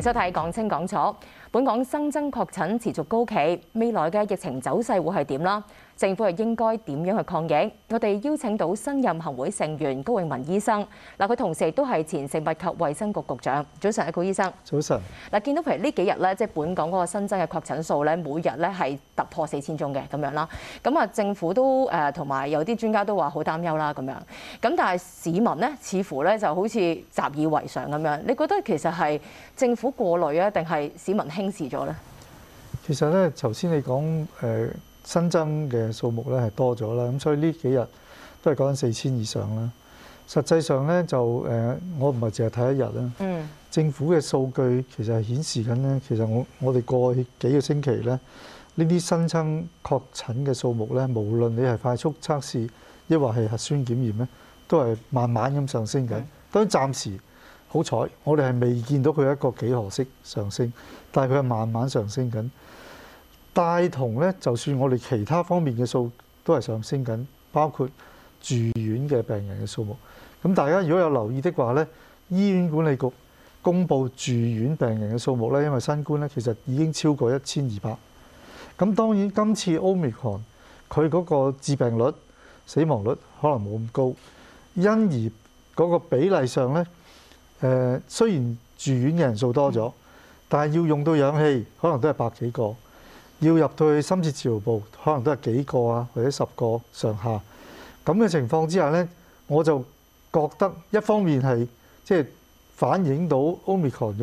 收睇講清講楚。本港新增確診持續高企，未來嘅疫情走勢會係點啦？政府係應該點樣去抗疫？我哋邀請到新任行會成員高永文醫生，嗱佢同時亦都係前食物及衛生局局長。早晨，高醫生。早晨。嗱，見到譬如呢幾日咧，即係本港嗰個新增嘅確診數咧，每日咧係突破四千宗嘅咁樣啦。咁啊，政府都誒同埋有啲專家都話好擔憂啦咁樣。咁但係市民咧，似乎咧就好似習以為常咁樣。你覺得其實係政府過濾呀，定係市民？輕視咗咧？其實咧，頭先你講誒新增嘅數目咧係多咗啦，咁所以呢幾日都係講緊四千以上啦。實際上咧就誒，我唔係淨係睇一日啦。嗯。政府嘅數據其實係顯示緊咧，其實我我哋過去幾個星期咧，呢啲新增確診嘅數目咧，無論你係快速測試，抑或係核酸檢驗咧，都係慢慢咁上升緊。當然暫時。好彩，我哋係未見到佢一個幾何式上升，但佢係慢慢上升緊。大同咧，就算我哋其他方面嘅數都係上升緊，包括住院嘅病人嘅數目。咁大家如果有留意的話咧，醫院管理局公布住院病人嘅數目咧，因為新冠咧其實已經超過一千二百。咁當然今次 Omicron 佢嗰個致病率、死亡率可能冇咁高，因而嗰個比例上咧。、呃，雖然住院嘅人數多咗，但係要用到氧氣可能都係百幾個，要入到去深切治療部可能都係幾個啊，或者十個上下。咁嘅情況之下呢，我就覺得一方面係即係反映到 Omicron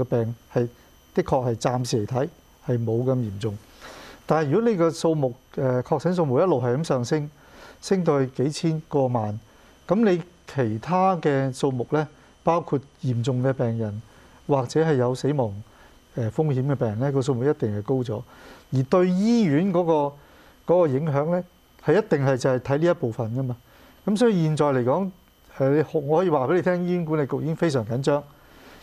包括嚴重嘅病人，或者係有死亡誒風險嘅病人咧，個數目一定係高咗。而對醫院嗰、嗰個嗰個影響咧，係一定係就係睇呢一部分㗎嘛。咁所以現在嚟講，誒，我我可以話俾你聽，醫院管理局已經非常緊張，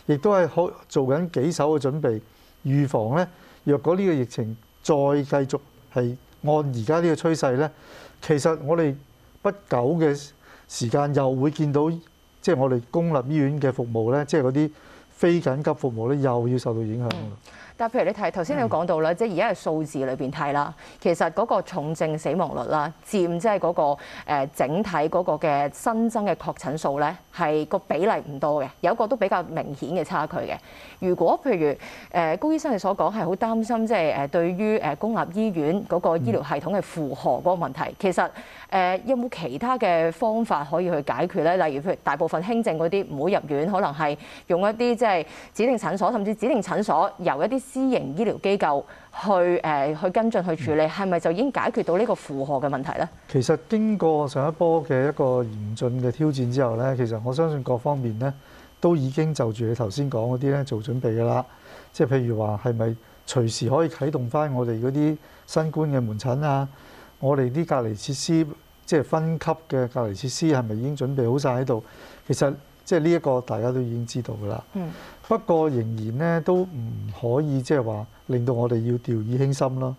亦都係可做緊幾手嘅準備預防咧。若果呢個疫情再繼續係按而家呢個趨勢咧，其實我哋不久嘅時間又會見到。即係我哋公立醫院嘅服務咧，即係嗰啲非緊急服務咧，又要受到影響，嗯。但譬如你睇頭先你講到啦、嗯，即係而家係數字裏邊睇啦，其實嗰個重症死亡率啦，佔即係嗰個、呃、整體嗰個嘅新增嘅確診數咧，係個比例唔多嘅，有一個都比較明顯嘅差距嘅。如果譬如，誒高醫生說，你所講係好擔心，即係誒對於誒公立醫院嗰個醫療系統嘅負荷嗰個問題。嗯、其實誒有冇其他嘅方法可以去解決咧？例如，譬如大部分輕症嗰啲唔好入院，可能係用一啲即係指定診所，甚至指定診所由一啲私營醫療機構去誒去跟進去處理，係、嗯、咪就已經解決到呢個負荷嘅問題咧？其實經過上一波嘅一個嚴峻嘅挑戰之後咧，其實我相信各方面咧都已經就住你頭先講嗰啲咧做準備㗎啦。即係譬如話，係咪隨時可以啟動翻我哋嗰啲新冠嘅門診啊？我哋啲隔離設施，即係分級嘅隔離設施，係咪已經準備好晒喺度？其實即係呢一個大家都已經知道㗎啦。嗯。不過仍然咧都唔可以即係話令到我哋要掉以輕心咯。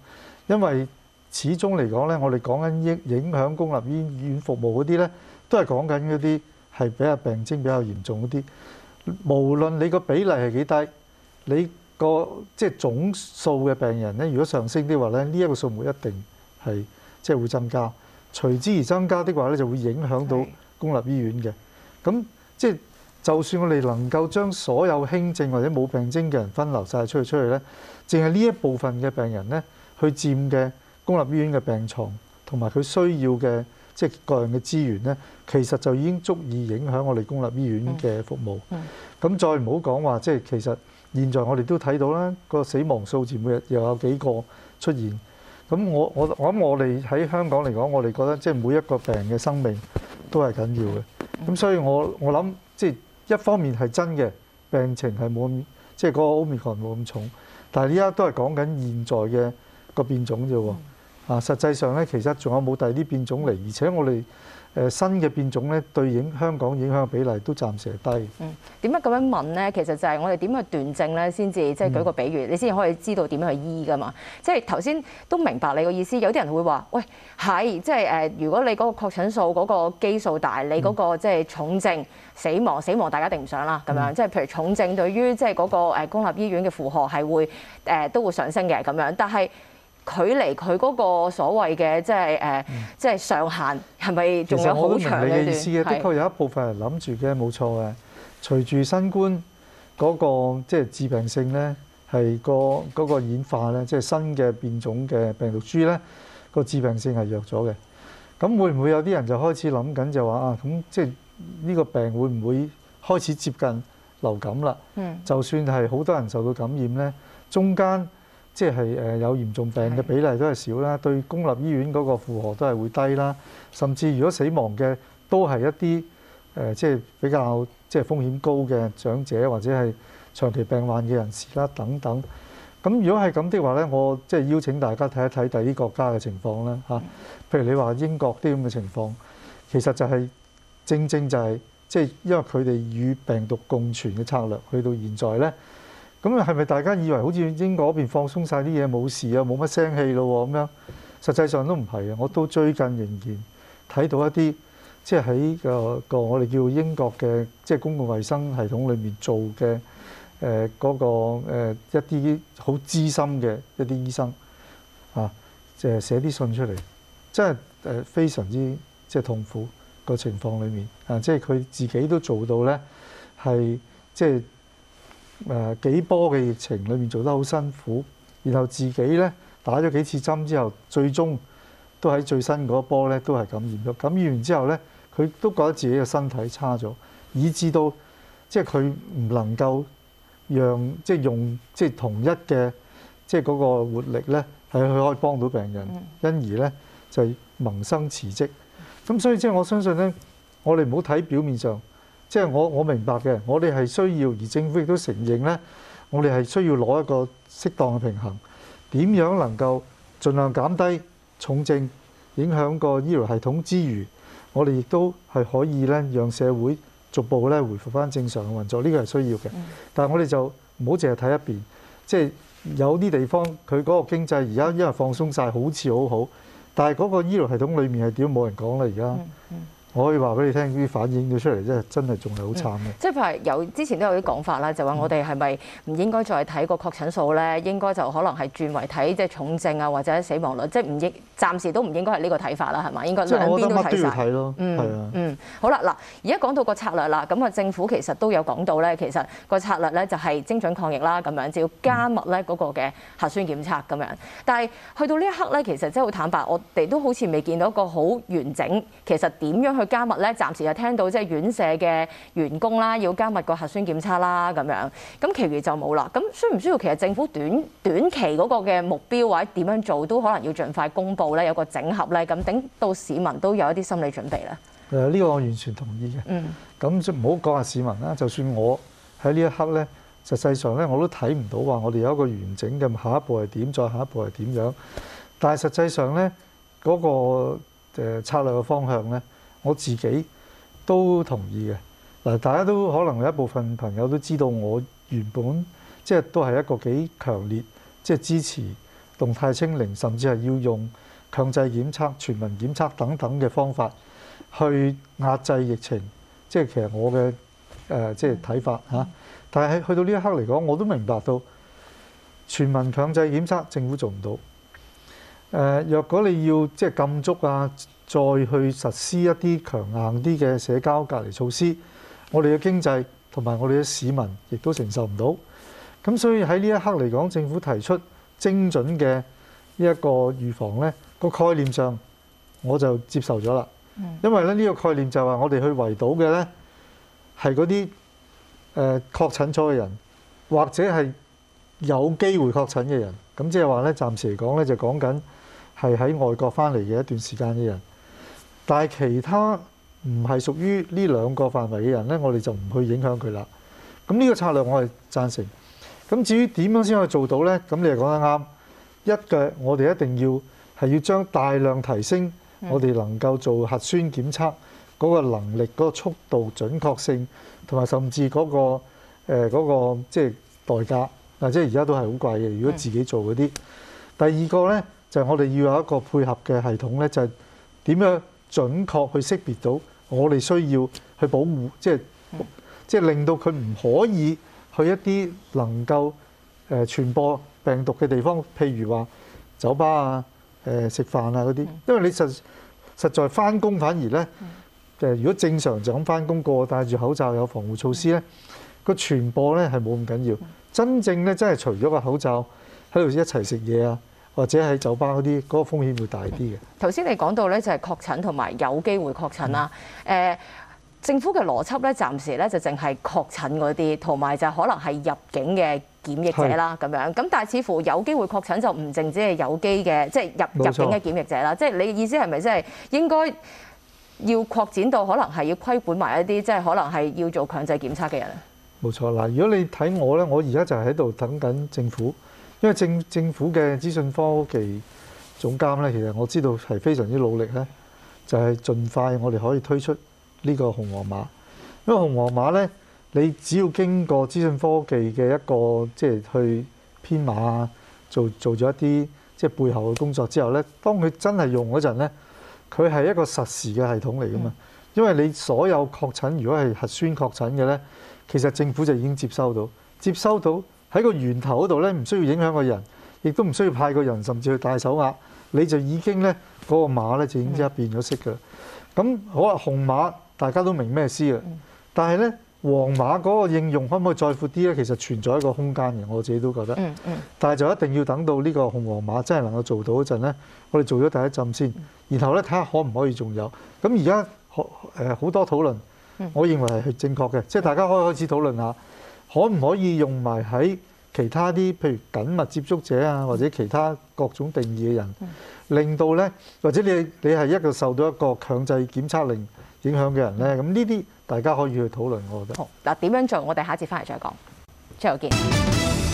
因為始終嚟講咧，我哋講緊影影響公立醫院服務嗰啲咧，都係講緊嗰啲係比較病徵比較嚴重嗰啲。無論你個比例係幾低，你。個即係總數嘅病人咧，如果上升的話咧，呢一個數目一定係即係會增加。隨之而增加的話咧，就會影響到公立醫院嘅。咁即係就算我哋能夠將所有輕症或者冇病徵嘅人分流晒出去，出去咧，淨係呢一部分嘅病人咧，去佔嘅公立醫院嘅病牀同埋佢需要嘅即係各樣嘅資源咧，其實就已經足以影響我哋公立醫院嘅服務。咁再唔好講話，即係其實。現在我哋都睇到啦，個死亡數字每日又有幾個出現。咁我我我諗，我哋喺香港嚟講，我哋覺得即係每一個病人嘅生命都係緊要嘅。咁所以我我諗，即係一方面係真嘅病情係冇，即係嗰個 Omicron 冇咁重。但係依家都係講緊現在嘅個變種啫喎啊！實際上咧，其實仲有冇第二啲變種嚟？而且我哋。誒新嘅變種咧，對影香港影響嘅比例都暫時係低。嗯，點解咁樣問咧？其實就係我哋點去斷症咧，先至即係舉個比喻，嗯、你先可以知道點樣去醫㗎嘛。即係頭先都明白你個意思。有啲人會話：喂，係即係誒，如果你嗰個確診數嗰個基數大，你嗰個即係重症死亡、嗯、死亡，死亡大家定唔上啦。咁、嗯、樣即係、即係、譬如重症對於即係嗰個公立醫院嘅負荷係會誒、呃、都會上升嘅咁樣，但係。距離佢嗰個所謂嘅即係誒，即係上限係咪仲有好長一段？其實我都明你嘅意思嘅，的確有一部分人諗住嘅，冇錯嘅。隨住新冠嗰個即係致病性咧，係個嗰個演化咧，即係新嘅變種嘅病毒株咧，個致病性係弱咗嘅。咁會唔會有啲人就開始諗緊就話啊，咁即係呢個病會唔會開始接近流感啦？嗯，就算係好多人受到感染咧，中間。即係有嚴重病嘅比例都係少啦，對公立醫院嗰個負荷都係會低啦。甚至如果死亡嘅都係一啲誒即係比較即係風險高嘅長者或者係長期病患嘅人士啦等等。咁如果係咁的話呢，我即係邀請大家睇一睇第二國家嘅情況啦嚇。譬如你話英國啲咁嘅情況，其實就係正正就係即係因為佢哋與病毒共存嘅策略，去到現在呢。咁係咪大家以為好似英國嗰邊放鬆晒啲嘢冇事啊，冇乜聲氣咯、啊？咁樣實際上都唔係啊！我都最近仍然睇到一啲，即係喺個個我哋叫英國嘅即係公共衛生系統裏面做嘅誒嗰個、呃、一啲好資深嘅一啲醫生啊，誒、即係、寫啲信出嚟，真係誒非常之即係、即係、痛苦、個情況裏面啊！即係佢自己都做到咧，係即係。即係誒幾波嘅疫情裏面做得好辛苦，然後自己咧打咗幾次針之後，最終都喺最新嗰波咧都係感染咗。感染完之後咧，佢都覺得自己嘅身體差咗，以致到即係佢唔能夠讓即係、就是、用即係、就是、同一嘅即係嗰個活力咧，係去可以幫到病人。嗯、因而咧就係、萌生辭職。咁所以即係、就是、我相信咧，我哋唔好睇表面上。即係我我明白嘅，我哋係需要，而政府亦都承認呢，我哋係需要攞一個適當嘅平衡，點樣能夠盡量減低重症影響個醫療系統之餘，我哋亦都係可以呢，讓社會逐步呢回復返正常嘅運作，呢個係需要嘅。但係我哋就唔好淨係睇一邊，即係有啲地方佢嗰個經濟而家因為放鬆晒，好似好好，但係嗰個醫療系統裡面係點？冇人講啦，而家。我可以話俾你聽，啲反映咗出嚟真係真係仲係好慘嘅。即係譬如有之前都有啲講法啦，就話我哋係咪唔應該再睇個確診數咧、嗯？應該就可能係轉為睇即係重症啊，或者死亡率，即係唔應暫時都唔應該係呢個睇法啦，係咪？應該兩邊都睇曬、嗯。嗯，好啦，嗱，而家講到個策略啦，咁啊政府其實都有講到咧，其實個策略咧就係精準抗疫啦，咁樣就要加密咧嗰個嘅核酸檢測咁樣。但係去到呢一刻咧，其實真係好坦白，我哋都好似未見到一個好完整，其實點樣去？加密咧，暫時就聽到即係院舍嘅員工啦，要加密個核酸檢測啦，咁樣咁，其餘就冇啦。咁需唔需要其實政府短短期嗰個嘅目標或者點樣做，都可能要盡快公布咧，有個整合咧，咁等到市民都有一啲心理準備咧。誒，呢個我完全同意嘅。嗯，咁即唔好講下市民啦，就算我喺呢一刻咧，實際上咧我都睇唔到話我哋有一個完整嘅下一步係點，再下一步係點樣。但係實際上咧，嗰個誒策略嘅方向咧。我自己都同意嘅。嗱，大家都可能有一部分朋友都知道，我原本即係都係一個幾強烈，即係支持動態清零，甚至係要用強制檢測、全民檢測等等嘅方法去壓制疫情。即係其實我嘅誒即係睇法吓，但係去到呢一刻嚟講，我都明白到全民強制檢測政府做唔到。誒，若果你要即係禁足啊，再去實施一啲強硬啲嘅社交隔離措施，我哋嘅經濟同埋我哋嘅市民亦都承受唔到。咁所以喺呢一刻嚟講，政府提出精準嘅呢一個預防咧，個概念上我就接受咗啦。因為咧呢個概念就係話我哋去圍堵嘅咧係嗰啲誒確診咗嘅人，或者係，有機會確診嘅人，咁即係話咧，暫時嚟講咧，就講緊係喺外國翻嚟嘅一段時間嘅人，但係其他唔係屬於呢兩個範圍嘅人咧，我哋就唔去影響佢啦咁呢個策略，我係贊成。嗱，即係而家都係好貴嘅。如果自己做嗰啲，第二個咧就係、是、我哋要有一個配合嘅系統咧，就係、是、點樣準確去識別到我哋需要去保護，即係即係令到佢唔可以去一啲能夠誒傳播病毒嘅地方，譬如話酒吧啊、誒、呃、食飯啊嗰啲。因為你實實在翻工反而咧誒，如果正常就咁翻工過，戴住口罩有防護措施咧，個傳播咧係冇咁緊要。真正咧，真係除咗個口罩喺度一齊食嘢啊，或者喺酒吧嗰啲，嗰個風險會大啲嘅。頭先你講到咧，就係確診同埋有機會確診啦。誒、嗯，政府嘅邏輯咧，暫時咧就淨係確診嗰啲，同埋就可能係入境嘅檢疫者啦。咁樣咁，但係似乎有機會確診就唔淨止係有機嘅，即係入入境嘅檢疫者啦。即係你嘅意思係咪即係應該要擴展到可能係要規管埋一啲，即係可能係要做強制檢測嘅人？冇錯嗱，如果你睇我咧，我而家就喺度等緊政府，因為政政府嘅資訊科技總監咧，其實我知道係非常之努力咧，就係盡快我哋可以推出呢個紅黃碼。因為紅黃碼咧，你只要經過資訊科技嘅一個即係去編碼啊，做做咗一啲即係背後嘅工作之後咧，當佢真係用嗰陣咧，佢係一個實時嘅系統嚟㗎嘛。因為你所有確診，如果係核酸確診嘅咧。其實政府就已經接收到，接收到喺個源頭嗰度咧，唔需要影響個人，亦都唔需要派個人，甚至去大手壓，你就已經咧嗰、那個碼咧就已經即刻變咗色嘅。咁好啊，紅碼大家都明咩意思嘅，但係咧黃碼嗰個應用可唔可以再闊啲咧？其實存在一個空間嘅，我自己都覺得。嗯嗯。但係就一定要等到呢個紅黃碼真係能夠做到嗰陣咧，我哋做咗第一浸先，然後咧睇下可唔可以仲有。咁而家好誒好多討論。我認為係係正確嘅，即係大家可以開始討論下，可唔可以用埋喺其他啲，譬如緊密接觸者啊，或者其他各種定義嘅人，令到呢？或者你你係一個受到一個強制檢測令影響嘅人呢？咁呢啲大家可以去討論，我覺得。好嗱，點樣做？我哋下一次翻嚟再講，之後見。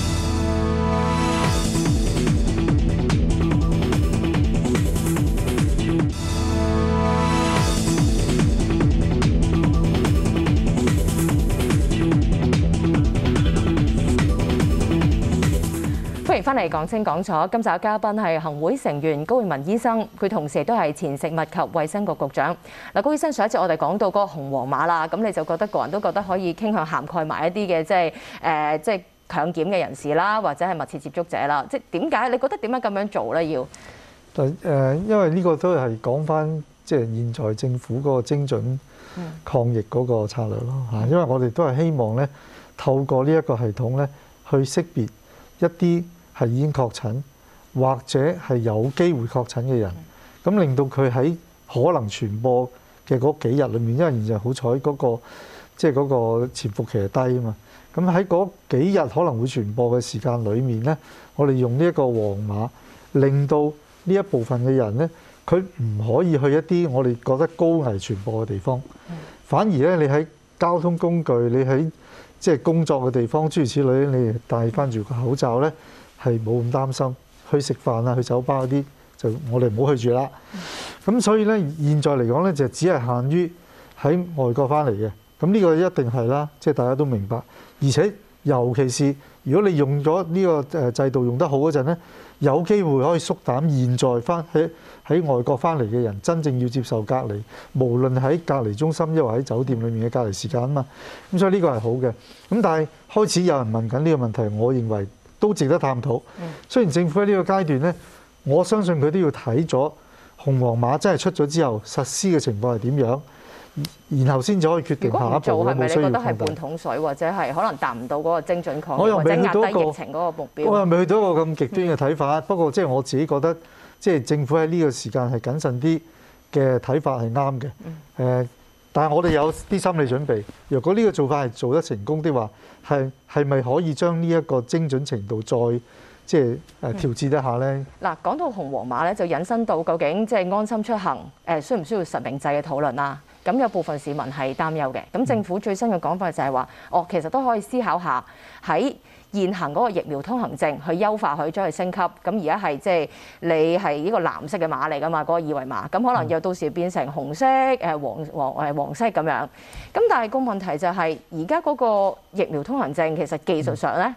嚟講清講楚，今集嘅嘉賓係行會成員高永文醫生，佢同時都係前食物及衛生局局長。嗱，高醫生上一次我哋講到嗰個紅黃碼啦，咁你就覺得個人都覺得可以傾向涵蓋埋一啲嘅，即係誒，即係強檢嘅人士啦，或者係密切接觸者啦。即係點解你覺得點解咁樣做咧？要誒，因為呢個都係講翻即係現在政府嗰個精準抗疫嗰個策略咯吓，因為我哋都係希望咧透過呢一個系統咧去識別一啲。係已經確診，或者係有機會確診嘅人，咁令到佢喺可能傳播嘅嗰幾日裏面，因為現在好彩嗰個即係嗰個潛伏期係低啊嘛。咁喺嗰幾日可能會傳播嘅時間裏面咧，我哋用呢一個黃碼，令到呢一部分嘅人咧，佢唔可以去一啲我哋覺得高危傳播嘅地方，反而咧你喺交通工具、你喺即係工作嘅地方諸如此類，你戴翻住個口罩咧。係冇咁擔心去食飯啊，去酒吧嗰啲就我哋唔好去住啦。咁所以呢，現在嚟講呢，就只係限於喺外國翻嚟嘅。咁呢個一定係啦，即係大家都明白。而且尤其是如果你用咗呢個誒制度用得好嗰陣咧，有機會可以縮減現在翻喺喺外國翻嚟嘅人真正要接受隔離，無論喺隔離中心抑或喺酒店裡面嘅隔離時間啊嘛。咁所以呢個係好嘅。咁但係開始有人問緊呢個問題，我認為。都值得探討。雖然政府喺呢個階段呢，我相信佢都要睇咗紅黃馬真係出咗之後實施嘅情況係點樣，然後先至可以決定下一步。如果做係咪，你覺得係半桶水，或者係可能達唔到嗰個精準抗疫或者壓低疫情嗰個目標？我又未去到一個咁極端嘅睇法。不過即係我自己覺得，即係政府喺呢個時間係謹慎啲嘅睇法係啱嘅。誒、嗯。但係我哋有啲心理準備，如果呢個做法係做得成功的話，係係咪可以將呢一個精準程度再即係、就是啊、調節一下呢？嗱、嗯，講到紅黃碼呢，就引申到究竟即係安心出行需唔需要實名制嘅討論啦、啊。咁有部分市民係擔憂嘅，咁政府最新嘅講法就係話，哦，其實都可以思考下喺，在現行嗰個疫苗通行證去優化，佢，將佢升級。咁而家係即係你係呢個藍色嘅碼嚟㗎嘛，嗰、嗰個二維碼。咁可能又到時變成紅色、誒黃黃誒黃色咁樣。咁但係個問題就係、是，而家嗰個疫苗通行證其實技術上咧，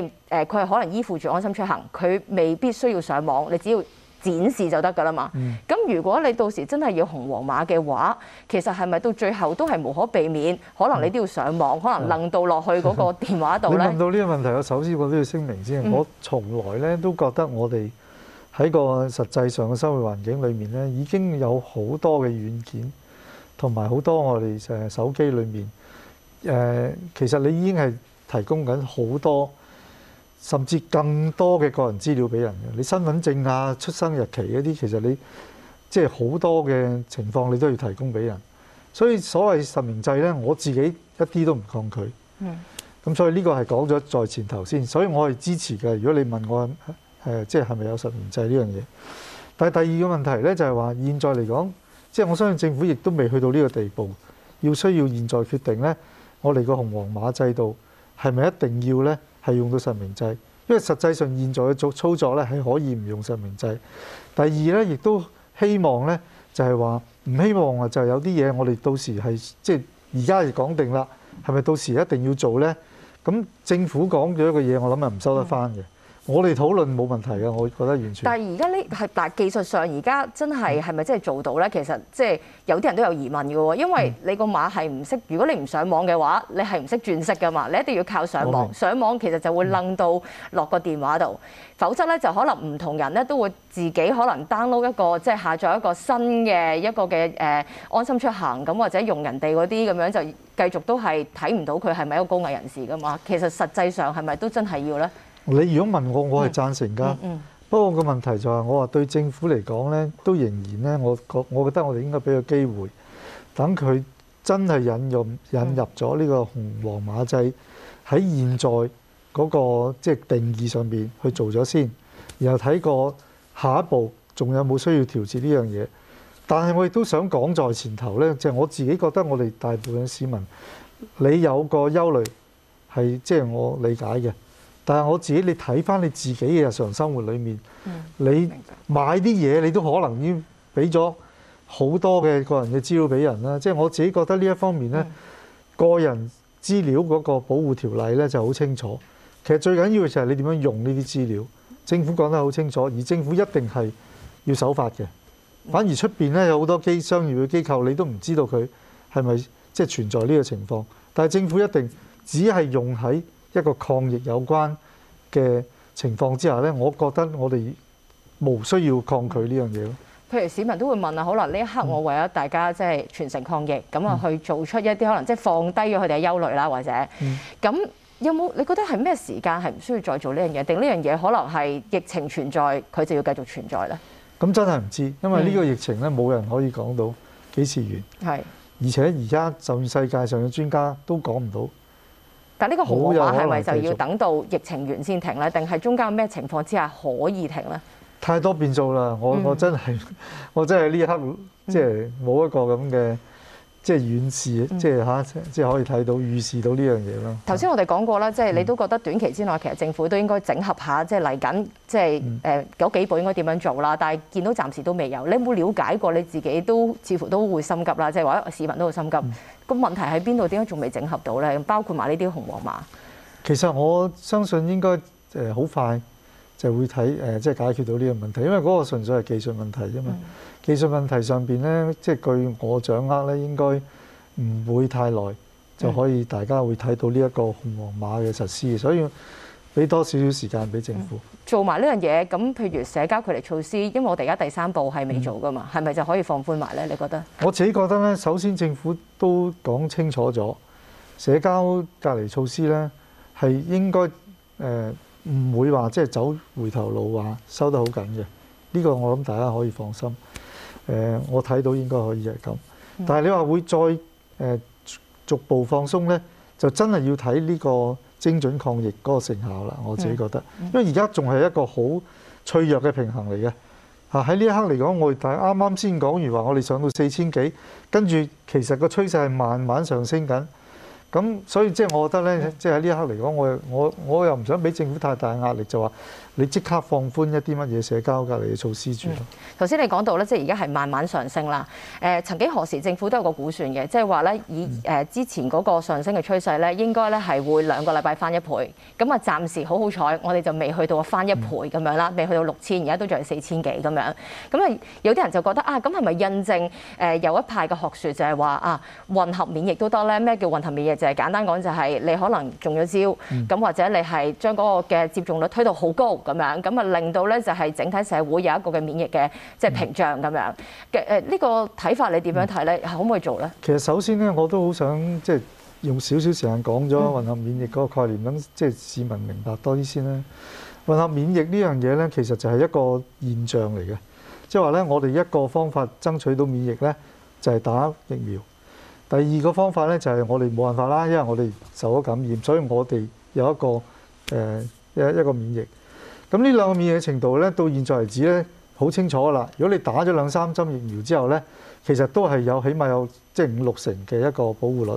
你誒佢係可能依附住安心出行，佢未必需要上網，你只要展示就得㗎啦嘛，咁如果你到時真係要紅黃碼嘅話，其實係咪到最後都係無可避免？可能你都要上網，可能楞到落去嗰個電話度咧？ 你問到呢個問題，我首先我都要聲明先，我從來咧都覺得我哋喺個實際上嘅生活環境裏面咧，已經有好多嘅軟件，同埋好多我哋誒手機裏面誒，其實你已經係提供緊好多。甚至更多嘅個人資料俾人嘅，你身份證啊、出生日期嗰啲，其實你即係好多嘅情況，你都要提供俾人。所以所謂實名制呢，我自己一啲都唔抗拒。咁、嗯、所以呢個係講咗在前頭先，所以我係支持嘅。如果你問我誒，即係係咪有實名制呢樣嘢？但係第二個問題呢，就係、係、話現在嚟講，即係我相信政府亦都未去到呢個地步，要需要現在決定呢，我哋個紅黃馬制度係咪一定要呢？係用到實名制，因為實際上現在嘅作操作咧係可以唔用實名制。第二咧，亦都希望咧，就係話唔希望啊，就有啲嘢我哋到時係即係而家就講定啦，係咪到時一定要做咧？咁政府講咗一個嘢，我諗係唔收得翻嘅。我哋討論冇問題嘅，我覺得完全但。但係而家呢係嗱技術上，而家真係係咪真係做到呢？嗯、其實即係有啲人都有疑問嘅喎，因為你個碼係唔識，如果你唔上網嘅話，你係唔識轉色㗎嘛。你一定要靠上網，嗯、上網其實就會掹到落個電話度，嗯、否則呢，就可能唔同人呢都會自己可能 download 一個即係、就是、下載一個新嘅一個嘅誒安心出行咁，或者用人哋嗰啲咁樣就繼續都係睇唔到佢係咪一個高危人士㗎嘛。其實實際上係咪都真係要呢？你如果問我，我係贊成噶。不過個問題就係、是，我話對政府嚟講咧，都仍然咧，我覺我覺得我哋應該俾個機會，等佢真係引入引入咗呢個紅黃碼制喺現在嗰、那個即係、就是、定義上邊去做咗先，然後睇過下一步仲有冇需要調節呢樣嘢。但係我亦都想講在前頭咧，就是、我自己覺得我哋大部分市民，你有個憂慮係即係我理解嘅。但係我自己，你睇翻你自己嘅日常生活裏面、嗯，你買啲嘢，你都可能要俾咗好多嘅個人嘅資料俾人啦。即、嗯、係、就是、我自己覺得呢一方面呢、嗯、個人資料嗰個保護條例呢就好清楚。其實最緊要嘅就係你點樣用呢啲資料，政府講得好清楚。而政府一定係要守法嘅。反而出邊呢，有好多機商業嘅機構，你都唔知道佢係咪即係存在呢個情況。但係政府一定只係用喺一個抗疫有關嘅情況之下呢，我覺得我哋無需要抗拒呢樣嘢咯。譬如市民都會問啊，可能呢一刻我為咗大家即係全城抗疫，咁、嗯、啊去做出一啲可能即係放低咗佢哋嘅憂慮啦，或者咁、嗯、有冇你覺得係咩時間係唔需要再做呢樣嘢，定呢樣嘢可能係疫情存在佢就要繼續存在呢？咁真係唔知，因為呢個疫情呢，冇、嗯、人可以講到幾時完。係，而且而家就算世界上嘅專家都講唔到。但呢個好話係咪就要等到疫情完先停咧？定係中間有咩情況之下可以停咧？太多變數啦！我我真係、嗯、我真係呢一刻即係冇一個咁嘅。即係遠視，即係嚇，即係可以睇到預示到呢樣嘢啦。頭先我哋講過啦，即係你都覺得短期之內、嗯、其實政府都應該整合下，即係嚟緊，即係誒嗰幾步應該點樣做啦、嗯。但係見到暫時都未有，你有冇了解過？你自己都似乎都會心急啦，即係話市民都會心急。咁、嗯、問題喺邊度？點解仲未整合到咧？包括埋呢啲紅黃碼。其實我相信應該誒好快就會睇誒，即係解決到呢個問題，因為嗰個純粹係技術問題啫嘛。嗯技術問題上邊咧，即係據我掌握咧，應該唔會太耐就可以，大家會睇到呢一個紅黃碼嘅實施，所以俾多少少時間俾政府做埋呢樣嘢。咁譬如社交距離措施，因為我哋而家第三步係未做噶嘛，係咪就可以放寬埋咧？你覺得？我自己覺得咧，首先政府都講清楚咗社交隔離措施咧係應該誒唔會話即係走回頭路話收得好緊嘅。呢個我諗大家可以放心。誒、呃，我睇到應該可以係咁，但係你話會再誒、呃、逐步放鬆呢，就真係要睇呢個精準抗疫嗰個成效啦。我自己覺得，因為而家仲係一個好脆弱嘅平衡嚟嘅。嚇喺呢一刻嚟講，我哋啱啱先講完話，我哋上到四千幾，跟住其實個趨勢係慢慢上升緊。咁所以即係我覺得呢，即係喺呢一刻嚟講，我我我又唔想俾政府太大壓力，就話。你即刻放寬一啲乜嘢社交隔離嘅措施住？頭、嗯、先你講到咧，即係而家係慢慢上升啦。誒、呃，曾經何時政府都有個估算嘅，即係話咧以誒、呃、之前嗰個上升嘅趨勢咧，應該咧係會兩個禮拜翻一倍。咁啊，暫時好好彩，我哋就未去到翻一倍咁樣啦、嗯，未去到六千，而家都仲係四千幾咁樣。咁啊，有啲人就覺得啊，咁係咪印證誒有一派嘅學説就係話啊，混合免疫都得咧？咩叫混合免疫？就係、是、簡單講，就係你可能中咗招，咁、嗯、或者你係將嗰個嘅接種率推到好高。咁樣咁啊，令到咧就係整體社會有一個嘅免疫嘅即係屏障咁樣嘅誒？呢個睇法你點樣睇咧？可唔可以做咧？其實首先咧，我都好想即係用少少時間講咗混合免疫嗰個概念，等即係市民明白多啲先啦。混合免疫呢樣嘢咧，其實就係一個現象嚟嘅，即係話咧，我哋一個方法爭取到免疫咧就係打疫苗。第二個方法咧就係我哋冇辦法啦，因為我哋受咗感染，所以我哋有一個誒一一個免疫。咁呢兩個免疫程度咧，到現在為止咧，好清楚噶啦。如果你打咗兩三針疫苗之後咧，其實都係有起碼有即係五六成嘅一個保護率。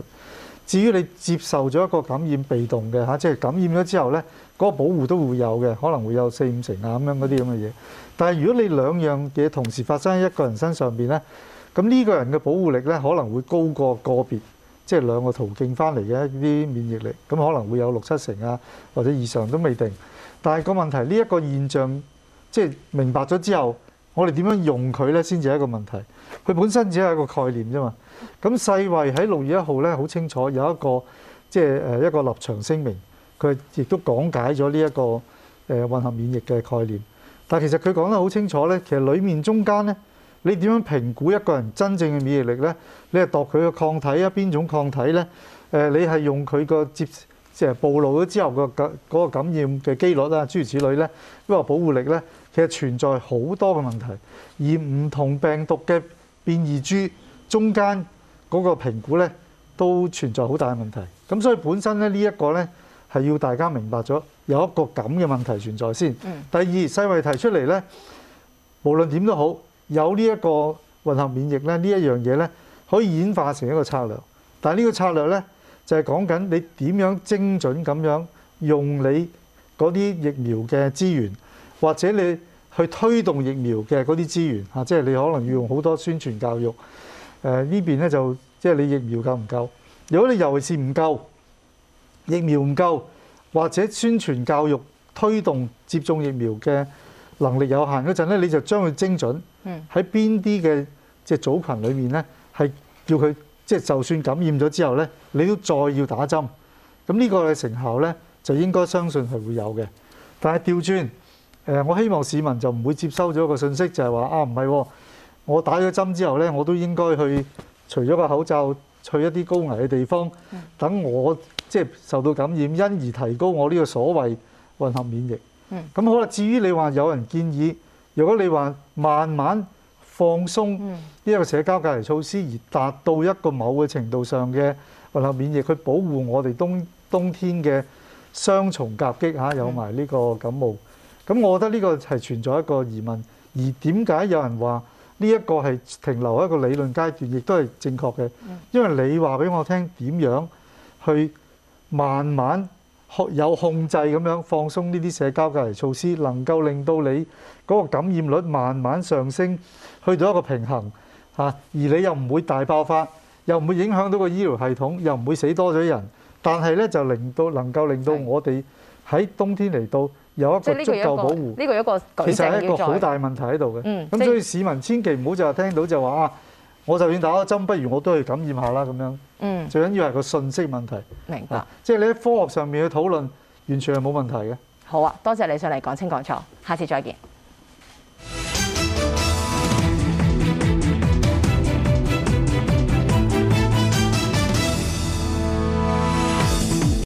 至於你接受咗一個感染被動嘅嚇，即係感染咗之後咧，嗰個保護都會有嘅，可能會有四五成啊咁樣嗰啲咁嘅嘢。但係如果你兩樣嘢同時發生喺一個人身上邊咧，咁呢個人嘅保護力咧可能會高過個別即係兩個途徑翻嚟嘅一啲免疫力，咁可能會有六七成啊，或者以上都未定。但係個問題呢一個現象，即係明白咗之後，我哋點樣用佢呢？先至係一個問題。佢本身只係一個概念啫嘛。咁世衛喺六月一號呢，好清楚有一個即係一個立場聲明，佢亦都講解咗呢一個誒混合免疫嘅概念。但其實佢講得好清楚呢，其實裡面中間呢，你點樣評估一個人真正嘅免疫力呢？你係度佢嘅抗體啊，邊種抗體呢？誒，你係用佢個接。即係暴露咗之後個感嗰個感染嘅機率啊，諸如此類咧，因為保護力咧，其實存在好多嘅問題。而唔同病毒嘅變異株中間嗰個評估咧，都存在好大嘅問題。咁所以本身咧呢一個咧係要大家明白咗有一個咁嘅問題存在先。第二，世衛提出嚟咧，無論點都好，有呢一個混合免疫咧，呢一樣嘢咧可以演化成一個策略，但係呢個策略咧。就係講緊你點樣精準咁樣用你嗰啲疫苗嘅資源，或者你去推動疫苗嘅嗰啲資源嚇，即係你可能要用好多宣傳教育。誒呢邊咧就即係你疫苗夠唔夠？如果你尤其是唔夠疫苗唔夠，或者宣傳教育推動接種疫苗嘅能力有限嗰陣咧，你就將佢精準喺邊啲嘅即係組羣裡面咧，係叫佢。即係就算感染咗之後咧，你都再要打針。咁呢個嘅成效咧，就應該相信係會有嘅。但係掉轉，誒我希望市民就唔會接收咗一個信息，就係話啊唔係喎，我打咗針之後咧，我都應該去除咗個口罩，去一啲高危嘅地方，等我即係受到感染，因而提高我呢個所謂混合免疫。嗯，咁好啦，至於你話有人建議，如果你話慢慢，放鬆呢一個社交隔離措施，而達到一個某個程度上嘅混合免疫，去保護我哋冬冬天嘅雙重夾擊嚇，有埋呢個感冒。咁我覺得呢個係存在一個疑問，而點解有人話呢一個係停留喺一個理論階段，亦都係正確嘅？因為你話俾我聽點樣去慢慢。有控制咁樣放鬆呢啲社交隔離措施，能夠令到你嗰個感染率慢慢上升，去到一個平衡吓，而你又唔會大爆發，又唔會影響到個醫療系統，又唔會死多咗人。但係咧就令到能夠令到我哋喺冬天嚟到有一個足夠保護。呢個有一個其實係一個好大問題喺度嘅。嗯，咁所以市民千祈唔好就聽到就話啊。我就算打咗針，不如我都去感染下啦咁樣。嗯，最緊要係個信息問題。明白，即係、就是、你喺科學上面嘅討論，完全係冇問題嘅。好啊，多謝你上嚟講清講楚，下次再見。